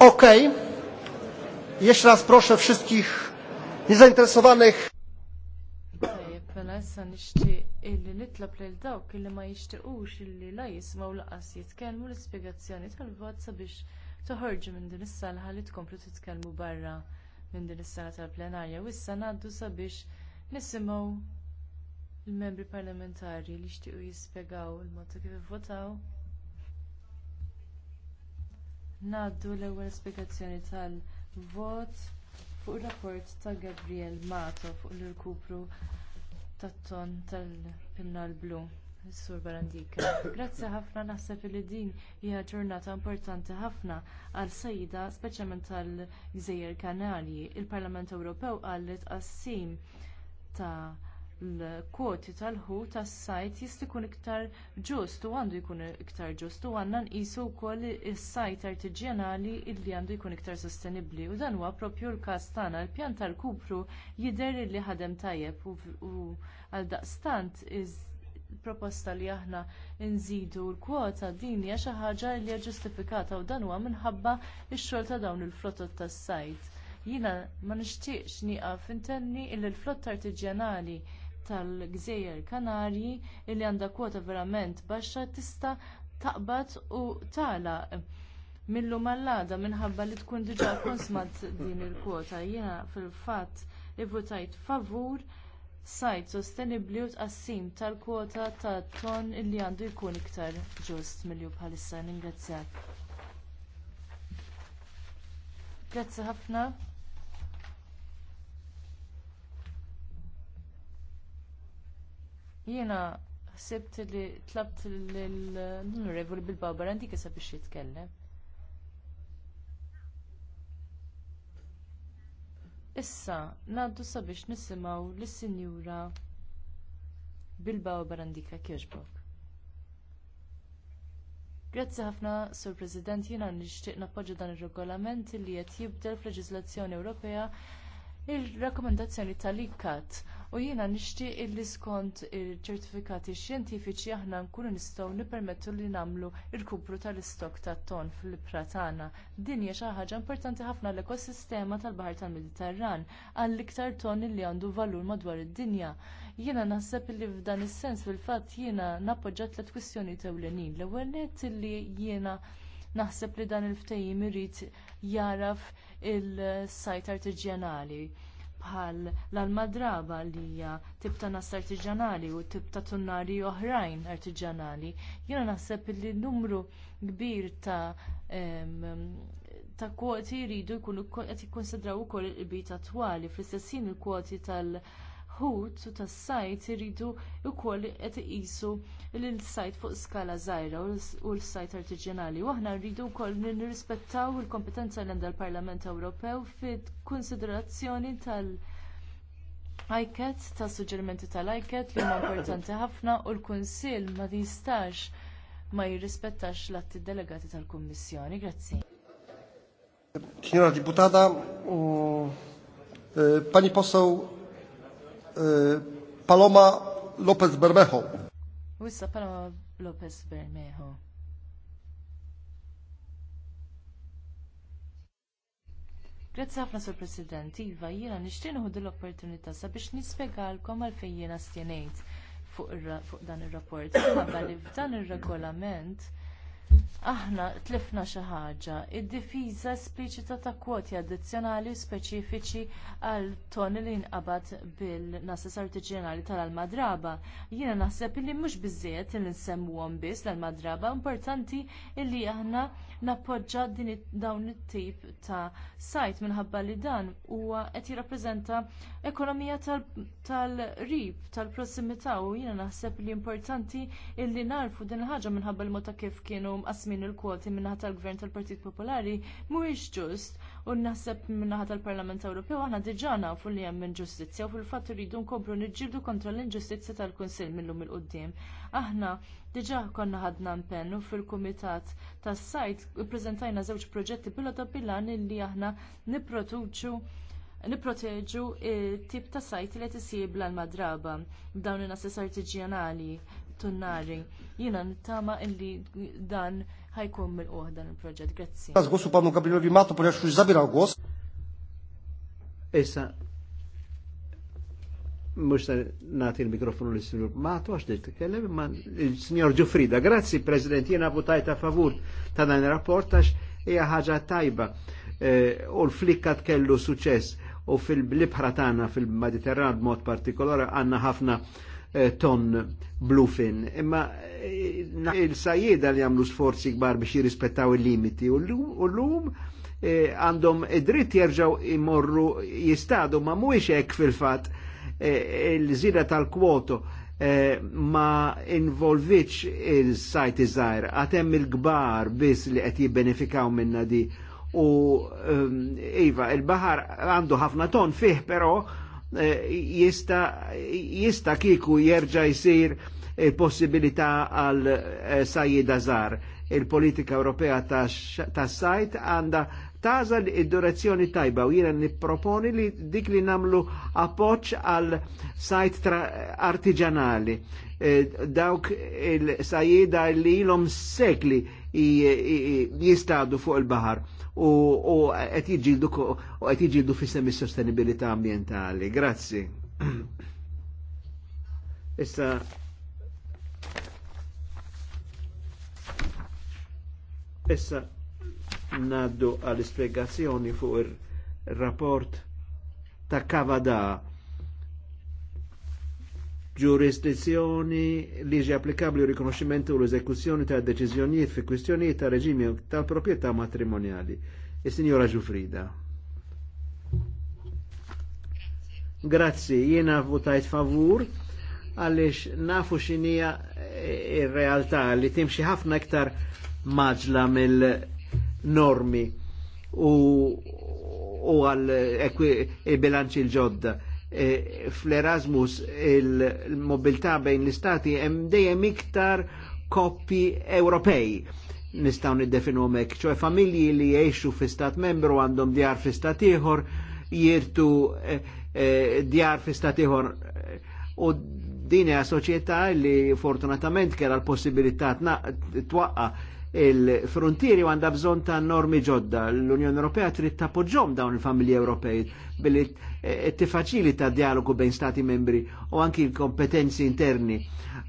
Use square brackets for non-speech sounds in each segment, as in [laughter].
Ok. Jeszcze raz proszę wszystkich niezainteresowanych. Mela issa nixtieq illi nitlob lil dawk illi ma jixtiequx illi la jismaw laqas jitkellmu l-ispjegazzjoni tal-vot sabiex toħorġu minn din is salħa li tkomplu titkellmu barra minn din is-sala tal-plenarja u issa ngħaddu sabiex nisimgħu l-membri parlamentari li jixtiequ jispjegaw il-mod kif ivvotaw. Naddu l-ewwel spjegazzjoni tal-vot fuq ir-rapport ta' Gabriel Mato fuq l-irkupru tat-ton tal-pinna blu. Sur Barandika. Grazzi ħafna naħseb li din hija ġurnata importanti ħafna għal sejda, speċjalment tal-Gżejjer Kanarji. Il-Parlament Ewropew għallet tqassim ta' l-kwoti tal-ħu tas-sajt jista' jkun iktar ġust u għandu jkun iktar ġust u għandna nqisu wkoll is-sajt artiġjanali li għandu jkun iktar sostenibbli u dan huwa proprju l-każ tagħna l-pjan tal-kupru jidher li ħadem tajjeb u għaldaqstant proposta li aħna nżidu l-kwota din hija xi ħaġa li hija ġustifikata u dan huwa minħabba x-xogħol ta' dawn il-flotot tas-sajt. Jiena ma nixtieqx nieqaf intenni li l-flott artiġjanali tal-Gżejjer Kanarji li għandha kwota verament baxxa tista' taqbad u tagħlaq millu mal-għada minħabba li tkun diġà konsmat din il-kwota. Jiena fil-fatt ivvutajt favur sajt sostenibbli u tqassim tal-kwota tat ton li għandu jkun iktar ġust milju bħalissa. Ningrazzjak. Grazzi ħafna. Jiena ħsibt li tlabt l-Onorevoli Bil-Barbara għandi kisa biex jitkellem. Issa, ngħaddu sabiex nisimgħu lis sinjura Bilbao Barandika Kirchbok. Grazzi ħafna, Sur President, jiena nixtieq nappoġġa dan ir-regolament li qed jibdel fl-leġiżlazzjoni Ewropea il-rakkomandazzjoni tal-ICAT u jiena nixtieq illi skont il-ċertifikati xjentifiċi aħna nkunu nistgħu nippermettu li nagħmlu l-kupru tal-istok tat-ton fil-ibra tagħna. Din hija xi ħaġa importanti ħafna l-ekosistema tal-Baħar tal-Mediterran għall-iktar ton li għandu valur madwar id-dinja. Jiena naħseb li f'dan is-sens fil-fatt jiena nappoġġa tliet kwistjonijiet ewlenin. L-ewwel li jiena Naħseb li dan il-ftehim irid jaraf il-sajt artiġjanali bħal l-alma draba li hija tip ta' nas artiġjanali u tip ta' tunnari oħrajn artiġjanali. Jiena naħseb li numru kbir ta' ta' kwoti jridu jkunu qed jikkonsidraw ukoll il bit attwali fl-istessin il-kwoti tal- taħut u tas-sajt iridu wkoll qed iqisu l-sajt fuq skala żgħira u l-sajt artiġjanali. U aħna rridu wkoll nirrispettaw il-kompetenza l l parlament Ewropew fil konsiderazzjoni tal- ICAT, tas suġġerimenti tal-ICAT li huma importanti ħafna u l-Kunsill ma jistax ma jirrispettax l-atti delegati tal-Kummissjoni. Grazzi. Signora mm, eh, pani poseł Eh, Paloma López Bermejo. Wissa Paloma López Bermejo. Grazie ħafna sur President, Iva, jiena nixtieq nieħu l-opportunità sabiex nispjegalkom għalfejn jiena stjenejt fuq, dan ir-rapport. Minħabba li f'dan ir-regolament Aħna tlifna xi ħaġa, id-difiża espliċita ta' kwoti addizzjonali speċifiċi għal ton li nqabad bil-nassas artiġjanali tal-alma draba. Jiena naħseb li mhux biżżejjed li nsemmuhom biss l-alma draba, importanti li aħna nappoġġa din dawn it-tip ta' sajt minħabba li dan huwa qed jirrappreżenta ekonomija tal-rib, tal-prossimità u jiena naħseb li importanti illi narfu din il ħaġa minħabba l-mota kif kienu mqasmin il-kwoti minnaħa tal-Gvern tal-Partit Popolari mhuwiex ġust u naħseb minnaħa tal-Parlament Ewropew aħna diġà nafu li hemm inġustizzja u fil-fatt irridu nkomplu niġġieldu kontra l-inġustizzja tal-Kunsill minnhom il-qudiem. Aħna diġà konna ħadna mpenn u fil-kumitat tas-sajt ippreżentajna żewġ proġetti pilota bilan illi aħna nipproduċu nipproteġu tip ta' sajt li qed isib l-madraba b'dawn in-assis artiġjanali tunnari. Jiena nittama illi dan ħajkun mill dan il-proġett. Grazzi. Issa mux nati il-mikrofonu l s-sinjur Mato, għax dit kellem, ma il-sinjor Ġufrida, grazzi President, jena votajt a favur ta' dan il-rapport għax hija ħaġa tajba eh, u l-flikka kellu suċess u fil-libħra tagħna fil-Mediterran b'mod partikolari għandna ħafna eh, ton blufin. Imma eh, il-sajjeda li għamlu sforzi kbar biex jirrispettaw il-limiti u l-lum għandhom id-dritt jerġaw imorru jistadu ma mhuwiex hekk fil-fatt Eh, il-żida tal-kwoto eh, ma involviċ il-sajt iżajr, għatem il-gbar biss li qed jibbenefikaw minna di u ehm, iva il-bahar għandu ħafna ton fih però eh, jista jista kiku jerġa' jsir possibilità għal sajjid żgħar il-politika Ewropea tas-sajt għandha tażal id durazzjoni tajba u jiena nipproponi li dik li namlu appoġġ għal sajt artiġanali. E, dawk il-sajjida li ilhom sekli jistadu fuq il-bahar u għet jġildu fis-semi sostenibilita ambientali. Grazzi. [clears throat] Issa Issa naddu għall-ispiegazzjoni fuq ir-rapport ta' Kavada ġurisdizzjoni liġi applikabli u rikonoxximenti u l-eżekuzzjoni ta' deċiżjonijiet fi kwistjonijiet ta' reġimi tal-proprjetà matrimonjali. Is-Sinjora Ġufrida. Grazzi, jiena votajt favur għaliex nafu xinija eh, ir-realtà li timxi ħafna iktar maġla mill-normi u, u għal il e bilanċ il ġodda E, fl-Erasmus il-mobilità bejn l-istati hemm dejjem iktar koppi Ewropej nistgħu niddefinu mek, ċoe familji li jiexu fi stat membru għandhom djar fi stat ieħor jirtu e, e, djar fi stat iħor. u dini għasoċieta li fortunatament kera l-possibilità twaqqa il-frontieri u għanda bżon ta' normi ġodda. L-Unjoni Ewropea trid tappoġġom dawn il-familji Ewropej billi ta' dialogu bejn stati membri u anki l-kompetenzi interni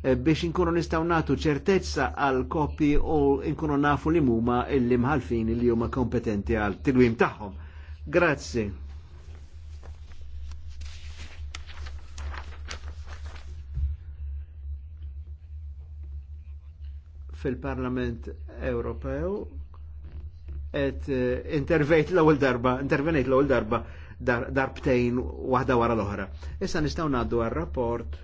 eh, biex inkunu nistaw natu ċertezza għal koppi u inkunu nafu li huma l-imħalfin li huma kompetenti għal tilwim tagħhom. Grazie. fil-Parlament Ewropew et eh, intervejt l-ewwel darba, intervenejt l-ewwel darba dar, darbtejn waħda wara l-oħra. Issa nistgħu ngħaddu għar-rapport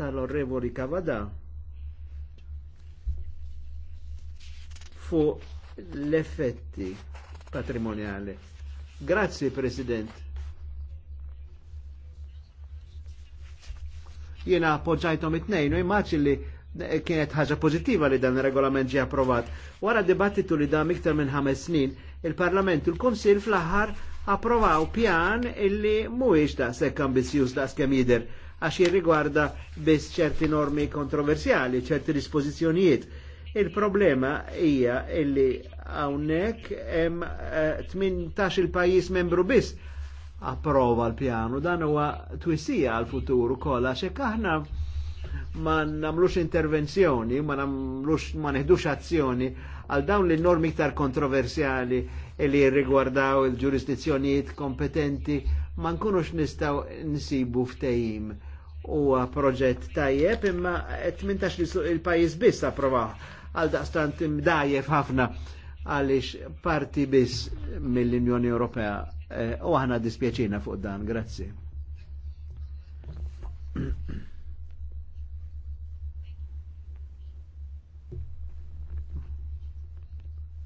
tal-Orrevoli Kavada fuq l-effetti patrimonjali. Grazzi President. Jiena appoġġajthom it-tnejn u immaġi li kienet ħaġa pożittiva li dan regolament ġie approvat. Wara dibattitu li dam iktar minn ħames snin, il-Parlament u l-Kunsil fl-aħħar approvaw pjan illi mhuwiex daqshekk ambizjuż kemm jidher għax jirrigwarda biss ċerti normi kontroversjali, ċerti dispożizzjonijiet. Il-problema hija illi hawnhekk hemm 18 eh, il-pajjiż membru biss approva l-pjanu, dan huwa twissija għal futuru kollha x'hekk aħna ma namlux intervenzjoni, ma namlux ma neħdux azzjoni għal dawn li normi iktar kontroversjali li rigwardaw il-ġurisdizzjonijiet kompetenti ma nkunux nistaw nsibu ftejim u proġett tajjeb imma 18 il pajjiż biss approvaw għal daqstant imdajjef ħafna għaliex parti biss mill-Unjoni Ewropea eh, u aħna dispieċina fuq dan, grazzi.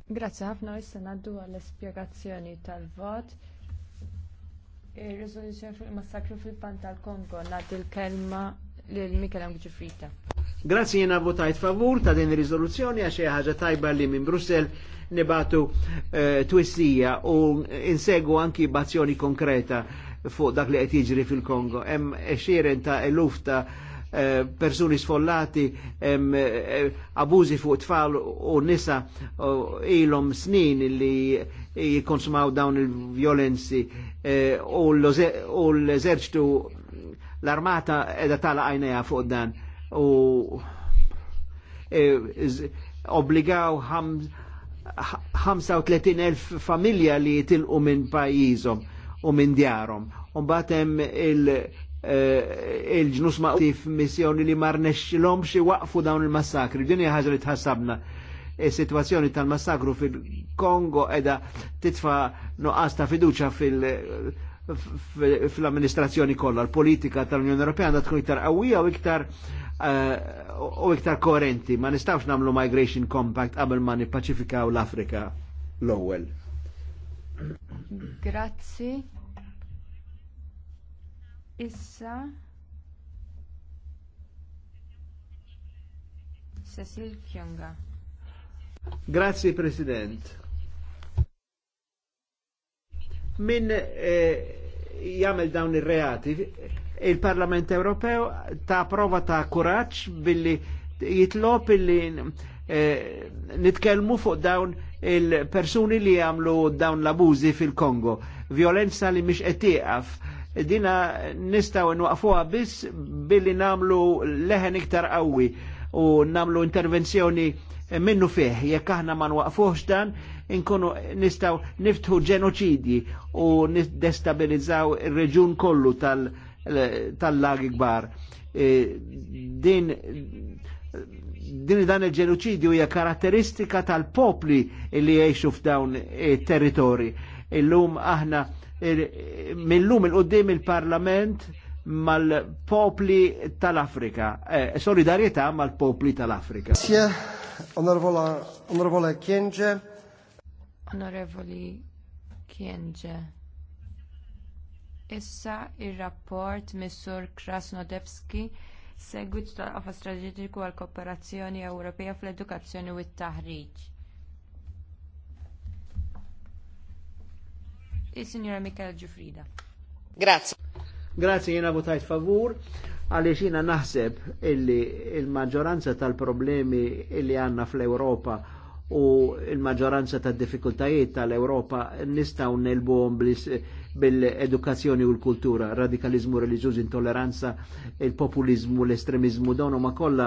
Grazzi ħafna issa naddu għall-espjegazzjoni tal-vot. il riżoluzzjoni fuq il-massakru fil-Pan tal-Kongo nad il-kelma lil Mikel Amġifrita. Grazzi jena votajt favur ta' din rizoluzzjoni għaxe ħaġa tajba li minn Brussel nibatu uh, twissija u insegu anki bazzjoni konkreta fuq dak li qed jiġri fil-Kongo. Hemm xieren ta' eluf eh, persuni sfollati, um, uh, fuq tfal u nisa ilom snin li jikonsumaw dawn il-violenzi u l-eżerċtu l-armata edha tala għajneja fuq dan u e, obbligaw 35.000 familja li jitilqu minn pajjiżhom u minn djarhom. Umbagħad batem e, il-ġnus maqti missjoni li ma rnexxilhomx waqfu dawn il-massakri. Dini hija li tħassabna. Is-sitwazzjoni e, tal-massakru fil-Kongo edha titfa nuqqas ta' fiduċa fil- fl-amministrazzjoni kollha, l-politika tal-Unjoni Ewropea għandha tkun iktar qawwija u iktar Eh, u iktar koherenti, Ma nistawx namlu Migration Compact qabel ma u l-Afrika l-ewwel. Grazzi. Issa. Cecil Kjonga. Grazie President. Min eh, jagħmel dawn ir-reati. Il-Parlament Ewropew ta' prova ta' kuraġġ billi jitlob illi eh, nitkellmu fuq dawn il-persuni li jagħmlu dawn l-abużi fil-Kongo. Violenza li mhix qed tieqaf dina nistaw nwaqfuha biss billi namlu leħen iktar qawwi u namlu intervenzjoni minnu fih, jekk aħna ma nwaqfux dan, inkunu nistaw niftħu ġenoċidji u nistabilizzaw il-reġun kollu tal-lag tal gbar. E, din, din dan il-ġenoċidju hija karatteristika tal-popli li jgħixu f'dawn territori. Illum aħna, mill-lum millum il-qoddim il-parlament, il parlament mal-popli tal-Afrika, eh, solidarietà mal-popli tal-Afrika. Sia, onorevole Kienge. Onorevoli Kienge. Issa il-rapport Missur Krasnodebski segwit tal-qafa strategiku għal kooperazzjoni Ewropea fl-edukazzjoni u t-taħriġ. Il-Signora Michael Giuffrida. Grazie. Grazzi jena votajt favur għaliex jina naħseb illi il-maġġoranza tal-problemi illi għanna fl-Europa u il-maġġoranza tad diffikultajiet tal-Europa nistaw nelbuhom bil-edukazzjoni u l-kultura, radikalizmu religjuż, intolleranza, il-populizmu, l-estremizmu, donu ma kollha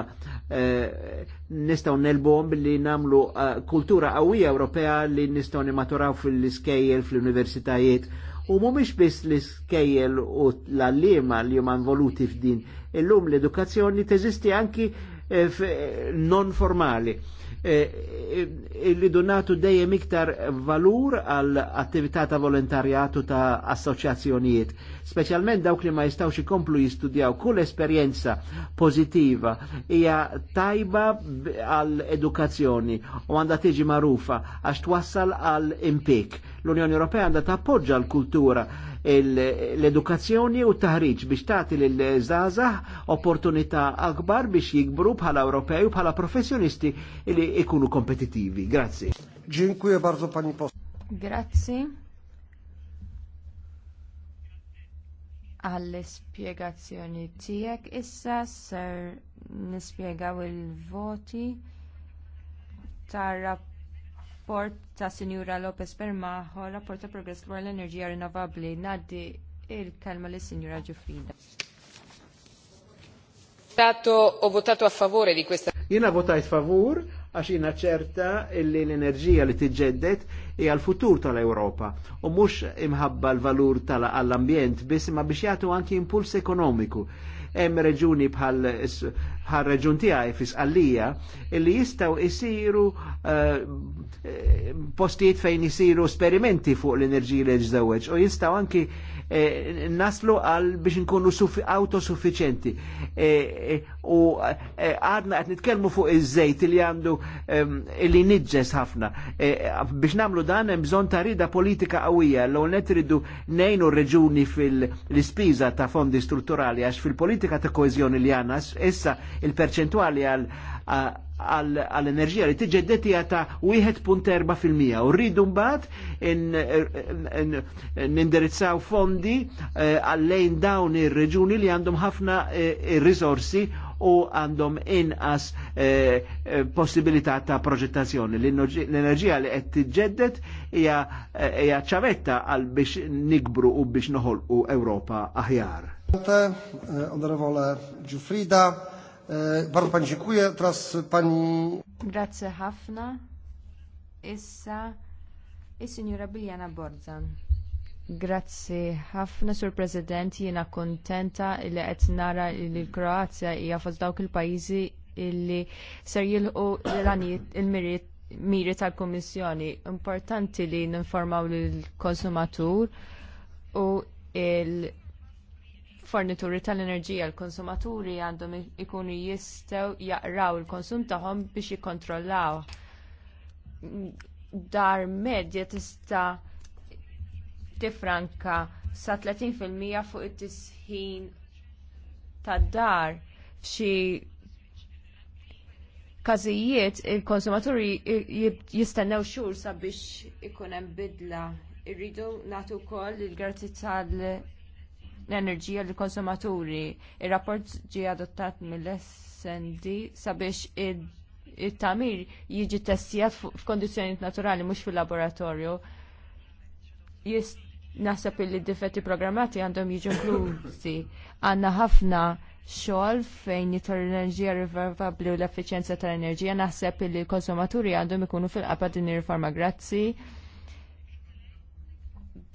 eh, nistaw nelbuhom billi namlu eh, kultura għawija Ewropea li nistaw nimaturaw fil-iskejjel, fl-universitajiet, fil iskejjel fil universitajiet U mhumiex biss l-iskejjel u l-allima li huma voluti f'din. Illum l-edukazzjoni teżisti anki eh, non formali. Eh, eh, Illi donatu dejjem iktar valur għal attività ta' volontarjatu ta' assoċjazzjonijiet, speċjalment dawk li ma jistgħux ikomplu jistudjaw kull esperjenza pożittiva hija tajba għal edukazzjoni u għandha tiġi marufa għax twassal għal impik L-Unjoni Ewropea għandha tappoġġa l-kultura, l-edukazzjoni u taħriġ biex tagħti lil żgħażagħ opportunità akbar biex jikbru bħala Ewropej u bħala professjonisti li ikunu kompetittivi. Grazzi. Dziękuję bardzo pani post. Grazzi. għall-ispjegazzjoni tiegħek issa ser nispjegaw il-voti tar-rapport rapport ta' Sinjura Lopez Bermajo, rapport ta' progress dwar l-enerġija rinnovabbli. Naddi il-kelma lis Sinjura Ġufrida. Ho votato a favore di questa. Jiena votajt favur għax jina ċerta illi l-enerġija li tiġġeddet hija l-futur tal-Ewropa u mhux imħabba l-valur tal-ambjent biss ma biex jagħtu anki impuls ekonomiku hemm reġuni bħal bħal reġun tiegħi fisqallija li jistgħu jsiru eh, postijiet fejn isiru esperimenti fuq l-enerġija li ġżewweġ u jistgħu anki Eh, naslu għal biex nkunu autosufficienti. Eh, eh, u għadna qed nitkelmu fuq iż-żejt li għandu ehm, li nidġes ħafna. Biex namlu dan hemm bżonn ta' rida politika qawwija l net iridu nejnu reġuni fil-ispiża ta' fondi strutturali għax fil-politika ta' koezjoni li għandna issa il-perċentwali għal għall-enerġija li tiġġeddet hija ta' 1.4% u rridu mbagħad nindirizzaw fondi eh, għallejn dawn ir-reġuni li għandhom ħafna eh, risorsi u għandhom inqas eh, possibilità ta' proġettazzjoni. L-enerġija li qed tiġġeddet hija ċavetta għal biex nikbru u biex noħolqu Ewropa aħjar. Onorevole Ġufrida, E, bardzo pani dziękuję. Teraz pani... Grazie ħafna. Issa, is-signora Biljana Borzan. Grazzi ħafna sur President jiena kuntenta li qed nara li l-Kroazja hija fost dawk il-pajjiżi li ser jilħu il-miri tal-Kummissjoni. Importanti li ninformaw lill konsumatur u il- fornituri tal-enerġija l-konsumaturi għandhom ikunu jistgħu jaqraw il-konsum tagħhom biex jikkontrollaw. Mm, dar medja tista' tifranka sa 30% fuq it-tisħin tad-dar f'xi każijiet il-konsumaturi jistennew xhur sabiex ikun hemm bidla. Irridu nagħtu wkoll il-grazzi tal- l-enerġija li konsumaturi Ir-rapport ġie adottat mill-SND sabiex it-tamir jiġi testijat f'kondizzjonijiet naturali mhux fil-laboratorju. Naħseb li d-difetti programmati għandhom jiġu inklużi. Għandna ħafna xogħol fejn jitor enerġija rivervabbli u l-effiċjenza tal-enerġija naħseb li l-konsumaturi għandhom ikunu fil-qapa din ir-riforma. Grazzi.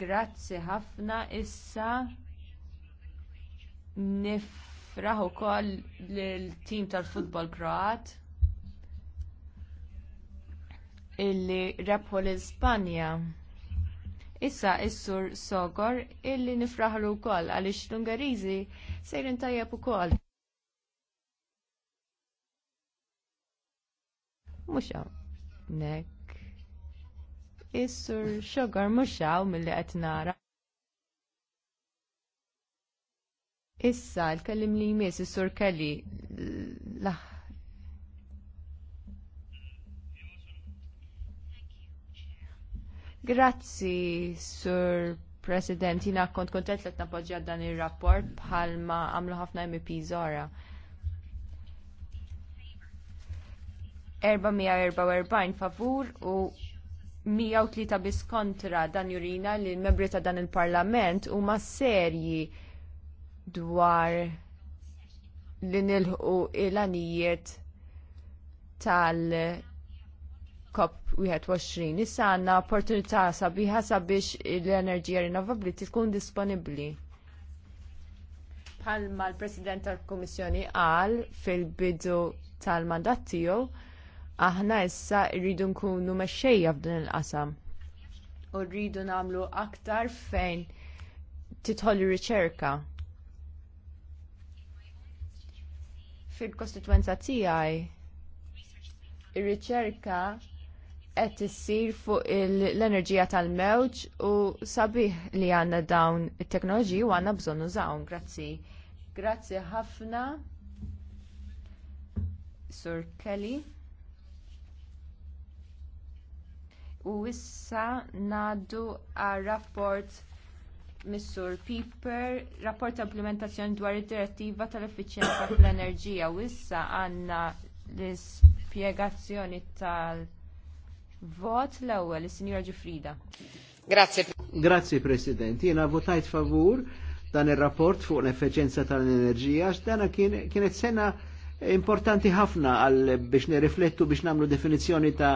Grazzi ħafna issa nifraħ ukoll lill-tim tal-futbol Kroat illi rebħu l-Ispanja. Issa is-Sur Sogor illi nifraħlu wkoll għaliex l-Ungariżi sejrin tajjeb ukoll. Mhux hawnhekk. Is-Sur Sogor mhux hawn milli qed nara. Issa, l-kellim li jmiss, is-sur Kelly, Grazzi, Sur President. Jina kont kontent li t-napoġġa dan il-rapport bħalma għamlu ħafna MP zora. 444 favur u 103 bis kontra dan jurina li l-membri ta' dan il-parlament u ma' serji dwar li nilħu il-anijiet tal- COP21 issa għandna opportunità sabiħa sabiex l-enerġija rinnovabbli tkun disponibbli. Palma l-President tal-Kummissjoni qal fil-bidu tal-mandat tiegħu aħna issa rridu nkunu mexxejja f'din il-qasam. U rridu nagħmlu aktar fejn titħol ir-riċerka. Fil-kostituenza tiegħi ir-riċerka qed issir fuq l-enerġija tal-mewġ u sabiħ li għandna dawn it-teknoloġiji u għandna bżonn użawhom. Grazzi. Grazzi ħafna. Sur Kelly. U issa nadu għal rapport Missur Pieper, rapport ta' implementazzjoni dwar id-direttiva tal-effiċjenza fl-enerġija u issa għandna l-ispjegazzjoni tal-vot l-ewwel is-Sinjura Ġifrida. Grazie. Grazie President. Jiena votajt favur dan ir-rapport fuq l-effiċjenza tal-enerġija x'dana kienet sena importanti ħafna għal biex nirriflettu biex namlu definizjoni ta'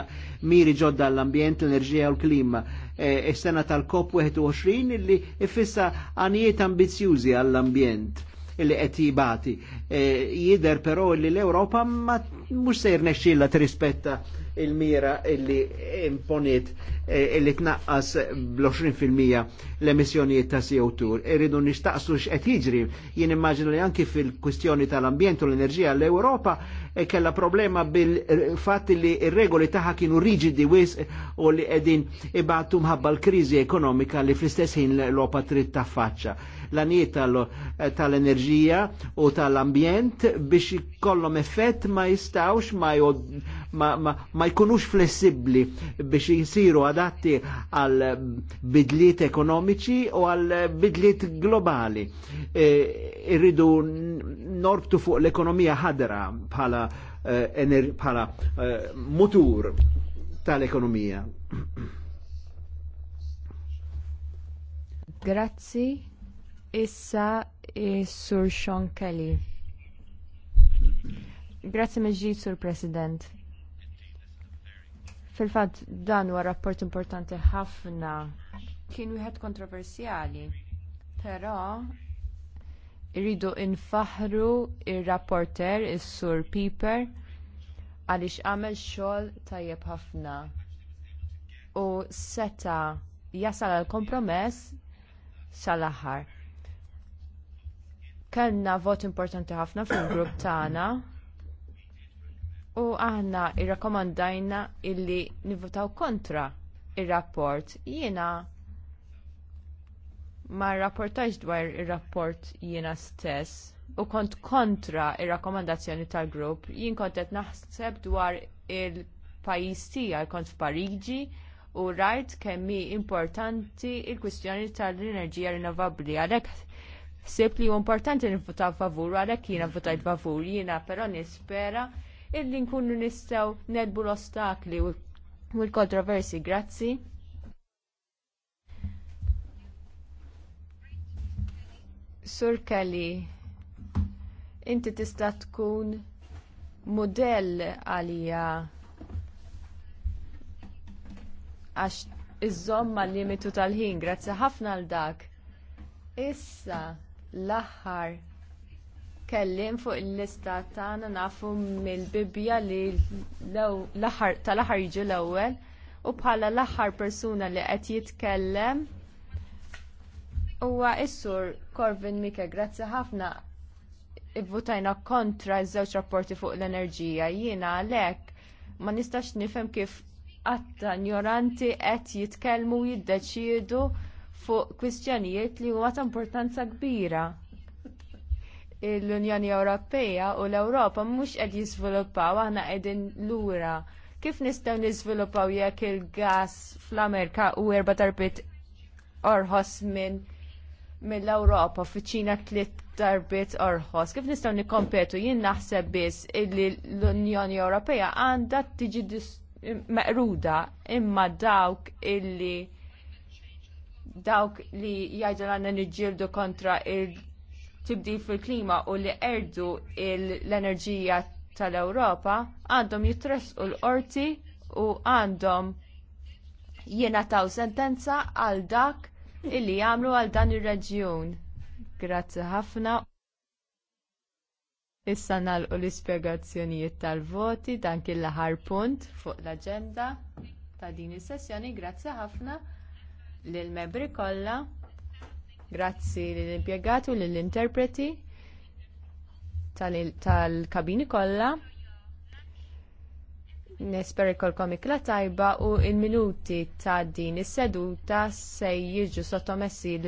miri ġodda għall-ambjent, l-enerġija u l-klima. Is-sena e, e tal-COP21 illi ifissa għanijiet ambizjużi għall-ambjent illi qed jibati. E, Jider però li l-Ewropa ma mhux se jirnexxilla trispetta il-mira illi imponiet eh, illi tnaqqas bl-20% l-emissjonijiet ta' CO2. Irridu nixtaqsu x'qed jiġri. Jien immaġinu li anki fil-kwistjoni tal-ambjent u l-enerġija l-Ewropa E kella problema bil-fat eh, li regoli taħħa kienu rigidi wis eh, u li edin ibatu ħabba l-krizi ekonomika li fl-istess ħin l-opa ta' faċċa. L-anijiet eh, tal-enerġija u tal-ambjent biex kollom effett ma jistawx ma, ma, ma, ma jkunux flessibli biex jisiru adatti għal bidliet ekonomiċi u għal bidliet globali. Irridu norbtu fuq l-ekonomija ħadra bħala Eh, bħala eh, motur tal-ekonomija. Grazzi, issa eh, Sur Sean Kelly. Grazzi meġġi, Sur President. Fil-fat, dan huwa rapport importanti ħafna. Kien wieħed kontroversjali, però Irridu infaħru ir-rapporter is-Sur Piper għaliex għamel xogħol tajjeb ħafna u seta jasal għal kompromess sal-aħħar. Kellna vot importanti ħafna fil-grupp tagħna u aħna rrakkomandajna illi nivvotaw kontra ir-rapport. Jiena ma rrapportax dwar ir-rapport jiena stess u kont kontra r rakkomandazzjoni tal-grupp, jien kont qed naħseb dwar il-pajjiż tiegħi kont f'Pariġi u rajt kemm hi importanti l kwistjoni tal-enerġija rinnovabbli għalhekk ħsieb li huwa importanti nivvuta favur għalhekk jiena votajt favur jiena però nispera illi nkunu nistgħu nedbu l-ostakli u l-kontroversi. Grazzi. Sur Kelly, inti tista' tkun modell għalija għax iżomma l-limitu tal-ħin, grazzi ħafna għal dak. Issa l-aħħar kellim fuq il-lista tagħna nafu mill-bibja li l-aħħar tal-aħħar jiġu l-ewwel u bħala l-aħħar persuna li qed jitkellem huwa is-sur Corvin Mike, grazzi ħafna ivvutajna kontra ż-żewġ rapporti fuq l-enerġija. Jiena għalhekk ma nistax nifhem kif għatta ignoranti qed jitkellmu jiddeċiedu fuq kwistjonijiet li huma ta' importanza kbira. L-Unjoni Ewropea u l-Ewropa mhux qed jiżviluppaw aħna qegħdin lura. Kif nistgħu niżviluppaw jekk il-gas fl-Amerika u erba' tarbit orħos minn mill-Ewropa fi ċina tliet darbiet orħos. Kif nistgħu nikkompetu jien naħseb biss illi l-Unjoni Ewropea għandha tiġi meqruda imma dawk illi dawk li jgħidu għandna niġġieldu kontra il-tibdil fil-klima u li erdu l-enerġija tal-Ewropa għandhom jitresqu l-qorti u għandhom taw sentenza għal dak illi jagħmlu għal dan ir-reġjun. Grazzi ħafna. Issa nagħlqu l-ispjegazzjonijiet tal-voti dan kien l-aħħar punt fuq l-aġenda ta' din is-sessjoni. Grazzi ħafna lill membri kollha. Grazzi lill impjegati u lill interpreti tal-kabini kollha. Nesper ikolkom ikla tajba u l minuti ta' din is-seduta se jiġu sottomessi